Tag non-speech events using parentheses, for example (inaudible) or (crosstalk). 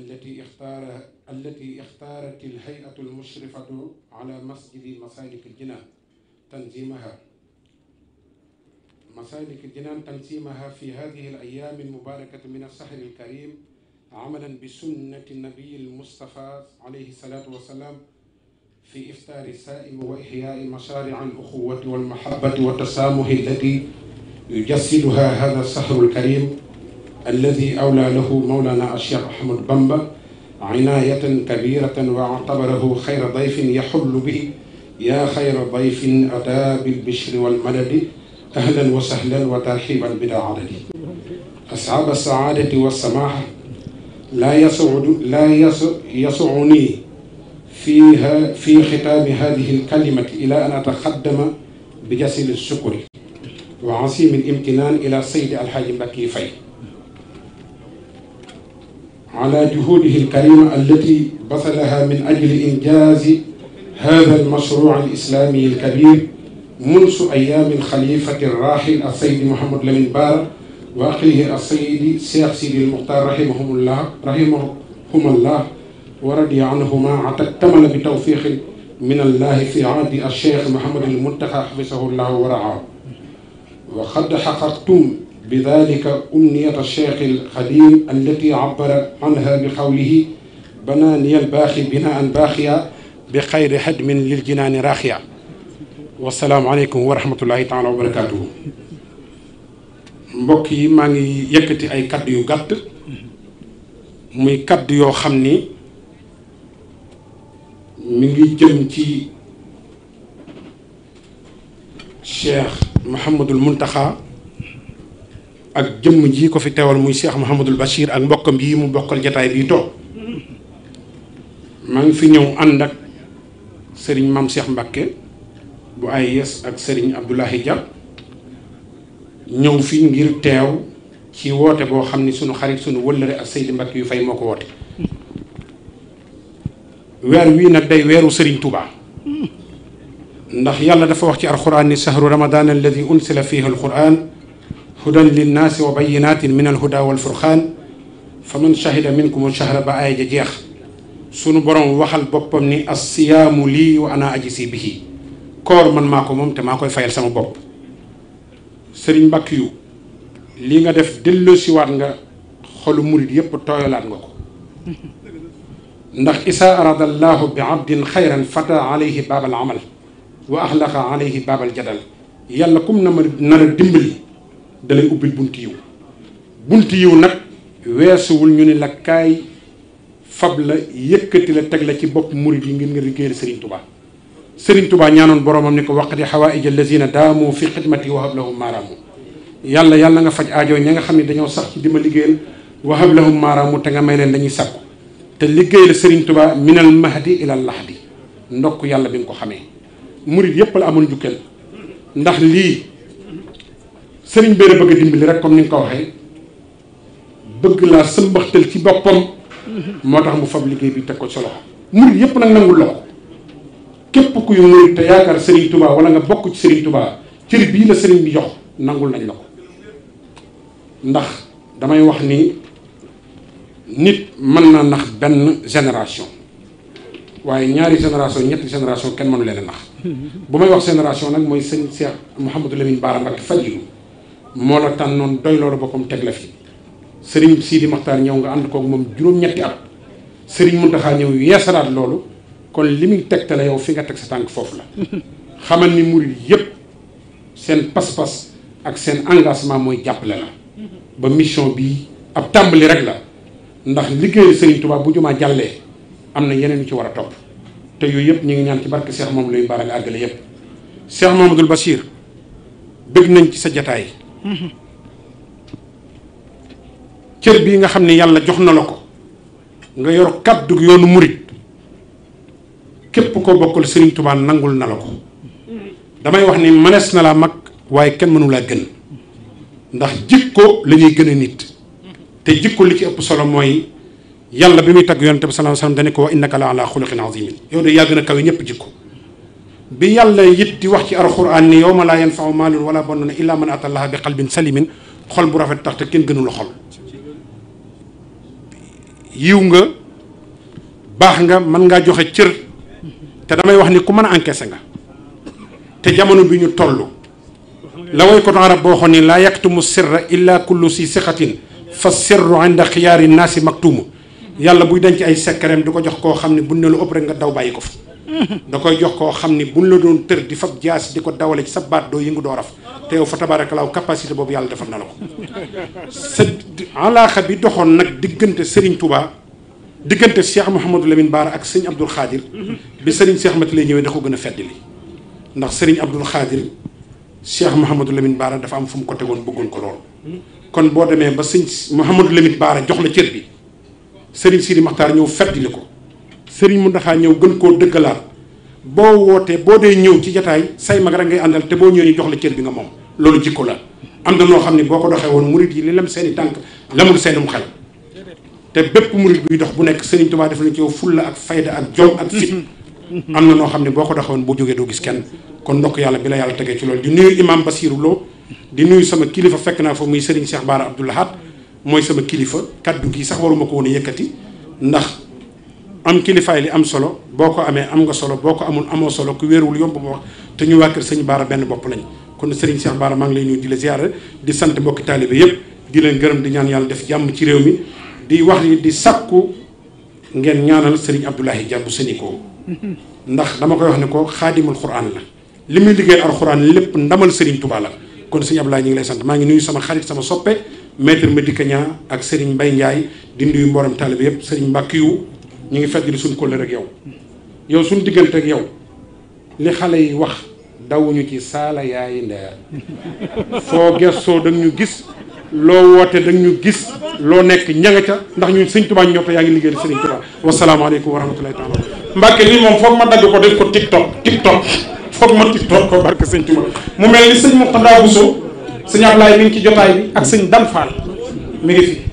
التي اختار التي اختارت الهيئة المشرفة على مسجد مسالك الجنان تنظيمها مسالك الجنان تنظيمها في هذه الأيام المباركة من السحر الكريم عملا بسنة النبي المصطفى عليه الصلاة والسلام في إفطار السائم وإحياء مشارع الأخوة والمحبة والتسامح التي يجسدها هذا السحر الكريم alladi awlaa lahu mawlaana Cheikh Ahmad Bamba inaayatan kabiratan wa atabarahu xayra dayfin yaxullu bihi yaa xayra dayfin ataa bil bishri wal madadi ahlan wa sahlan wa tarxiiban bidaa adadi asxaaba saadati wa samaaxa laa yasuudu laa yasuunii fiiha fi xitaami haadihi lkalimati ilaa an ataxaddama bi jasili sukuri wa asiimi l imtinaan ilaa saydi alxaaji Mbàkke Faye ala juhudihi alkarima allati basalaha min ajli injaazi hada almashruc alislami alkabir munsu ayaami alxalifati arrahil asaydi Mouhamadou Lamine Bara wa axihi asaydi Cheikh Sidi Almuxtar rahimahumullah rahimahumallah wa radiya anhuma atatamala bi tawfiqin min allahi fi ahdi alcheikh Mouhamadou Almuntaqa xafisahu llah wa raa wa qad xaqaqtum بذلك أمنية الشيخ القديم التي عبر عنها بقوله بناني الباخي بناء باخيا بخير هدم للجنان راخيا والسلام عليكم ورحمة الله تعالى وبركاته mbokk yi maa ngi yëkkati ay kaddu yu gàtt muy kaddu yoo xam ni mi ngi jëm ci Cheikh Mouhamadul Muntaxa ak jëmm ji ko fi teewal muy seex Mouhamadul Bachir ak mbokkam yi mu bokkal jataay bii toog maa ngi fi ñëw ànd ak sëriñ Mame Cheikh Mbacké bu ay yes ak sëriñ Abdoulahi Dia ñëw fi ngir teew ci woote boo xam ni sunu xarit sunu wëllëre ak Seydi Mbacké yu fay moo ko woote weer wii nag day weeru sëriñ Touba ndax yàlla dafa wax ci alxuraan ni sahru ramadan alladi unsila fihi alquran hudan linnaasi wa bayinaatin min alhuda walfurqaan fa man shahida minkum shahra ba aaya ja jeex sunu borom waxal boppam ni assiyaamu lii wa ana aji si bihi koor man maa ko moom te maa koy fayal sama bopp sëriñ mbàkk yu lii nga def delloosiwaat nga xolu murit yépp tooyalaat nga ko ndax isaa arada allahu bi abdin xayran fata baabal amal wa axlaqa alayhi baabal jadal yàlla kum na ma nar a dalay ubbil bunt yiw bunt yiw nag weesuwul ñu ni la kaay fab la yëkkati la teg la ci bopp murid yi ngir nga liggéeyal Serigne Touba Serigne Touba ñaanoon boromam ni ko waqti xawaïj allazina daamu fi xidmati wahab lahum maaraamu yàlla yàlla nga faj aajo ña nga xam ne dañoo sax ci dima liggéeyal wahab lahum maaraamu te nga may leen dañuy sàkku te liggéeyal Serigne Touba minal mahdi ilal lahdi ndokk yàlla bi nga ko xamee murid yépp amul amoon sëriñ bi bëgg a rek comme ni nga ko waxee bëgg laa sëmbaxtal ci boppam moo tax mu fab liggéey bi teg ko ci loxo murit yëpp nag nangul loxo képp kuy murit te yaakaar sëriñ Touba wala nga bokk ci sëriñ Touba cër bii la sëriñ bi jox nangul nañ la ko ndax damay wax ni nit mën na nax benn génération waaye ñaari génération ñetti génération kenn mënu leen a nax (laughs) bu may wax génération nag mooy sëñ Cheikh Mouhamadou Lamine Bara Mbacké yi moo la tànnoon doy loolu boppam teg la fi sëriñ Sidi Maxtaar ñëw nga ànd koog moom juróom-ñetti at sëriñ Muntaxa ñëw yeesalaat loolu kon li muy tegtale yow fi nga teg sa tànk foofu la (laughs) xamal ni murid yépp seen pas-pas ak seen engagement mooy jàppale la mm-hmm. ba mission bii ab tàmbali rek la ndax liggéeyu sëriñ tubaab bu jumaa jàllee am na yeneen yu ci war a topp te yooyu yëpp ñu ngi ñaan ci barke Cheikh moom luy baara nga àggale yëpp Cheikh Mamadou Bachir nañ ci sa jataay cër bii nga xam ne yàlla jox na la ko nga yor kàddu yoonu murit képp koo bokkal Serigne Touba nangul na la ko damay wax ni mënees na laa mag waaye kenn mënu laa gën ndax jikko la ñuy gën a nit te jikko li ci ëpp solo mooy yàlla bi muy tagg yonent bi sallallahu alayhi wasallam dañu ko wa innaka la ala xuluqin azimin yow de yaa gën a kawe ñëpp jikko bi yàlla it di wax ci alxuraan ni yow ma laa yanfau maalun wala banuuna illaa man atallaha bi qalbin salimin xol bu rafet tax te kenn gënu la xol yiw nga baax nga mën ngaa joxe cër te damay wax ni ku mën a encaissé nga te jamono bi ñu toll la way ko a boo xoon ni laa yaktumu sirra illa kullu si sixatin fa sirru inda xiyaari naasi maktumu yàlla buy denc ay sekkereem di ko jox koo xam ne buñ ne lu ëpp rek nga daw bàyyi ko fa da koy jox koo xam ni buñ la doon tër di fab jaas di ko dawale ci sa baat doo yëngu doo raf te yow fa tabaarakalaaw capacité boobu yàlla defal na la ko sa alaaxa bi doxoon nag diggante Serigne Touba diggante Cheikh Mouhamadou Lamine Baara ak sëñ Abdoul Khadir bi Serigne Cheikh Mati lay ñëwee da ko gën a feddali ndax Serigne Abdoul Khadir Cheikh Mouhamadou Lamine Baara dafa am fu mu ko tegoon bëggoon ko lool. kon boo demee ba sëñ Mouhamadou Lamine Baara jox la cër bi Serigne Sidi Makhtar ñëw feddali ko. Serigne Mountakha ñëw gën koo dëggalaat boo wootee boo dee ñëw ci jataay say mag rek ngay àndal te boo ñëwee ñu jox la cër bi nga moom loolu jikko la am na noo xam ne boo ko doxee woon murit yi li lam seen i tànk lamul seenum xel te bépp murit buy dox bu nekk Serigne Touba def na ci yow fulla ak fayda ak jom ak fit am na noo xam ne boo ko doxee boo bu jógee doo gis kenn kon ndokk yàlla bi la yàlla tegee ci loolu di nuyu imam Basirou Lo di nuyu sama kilifa fekk naa fa muy Serigne Cheikh Bara Abdoul Ahad mooy sama kilifa kaddu gi sax waruma ko woon a ndax am kilifaay li am solo boo ko amee am nga solo boo ko amul amoo solo ku wéeruwul yomb ma wax te ñu waa kër sëñ Baara benn bopp lañ kon Serigne Cheikh Baara maa ngi lay nuyu di la ziyaara di sant mbokki taalibe yëpp di leen gërëm di ñaan yàlla def jàmm ci réew mi di wax ni di sakku ngeen ñaanal Serigne Abdoulaye Dia bu Sénico ndax dama koy wax ne ko xaadimul xuraan la li muy liggéeyal lépp ndamal Serigne Touba kon sëñ Abdoulaye ñu ngi lay sant maa ngi nuyu sama xarit sama soppe maître Madické ñaa ak Serigne Mbaye Ndiaye di nuyu mboolem taalibe yëpp mbakk Mbackiou ñu ngi fedd di suñ kóllëre ak yow yow suñ diggante ak yow li xale yi wax dawuñu ci saala yaayi ndeer foo soo da ñu gis loo wootee da ñu gis loo nekk ñanga ca ndax ñun sëñ Tuubaa ñor te yaa ngi liggéey sëñ Tuubaa wasalaamaaleykum wa rahmatulahi taala Mbàkke lii moom foog ma dagg ko def ko tiktok tiktok foog ma tiktok ko barke sëñ Tuubaa mu mel ni sëñ Mourtada Bousso sëñ Ablaye mi ngi ci jotaay bi ak sëñ Dan Fall ngi fi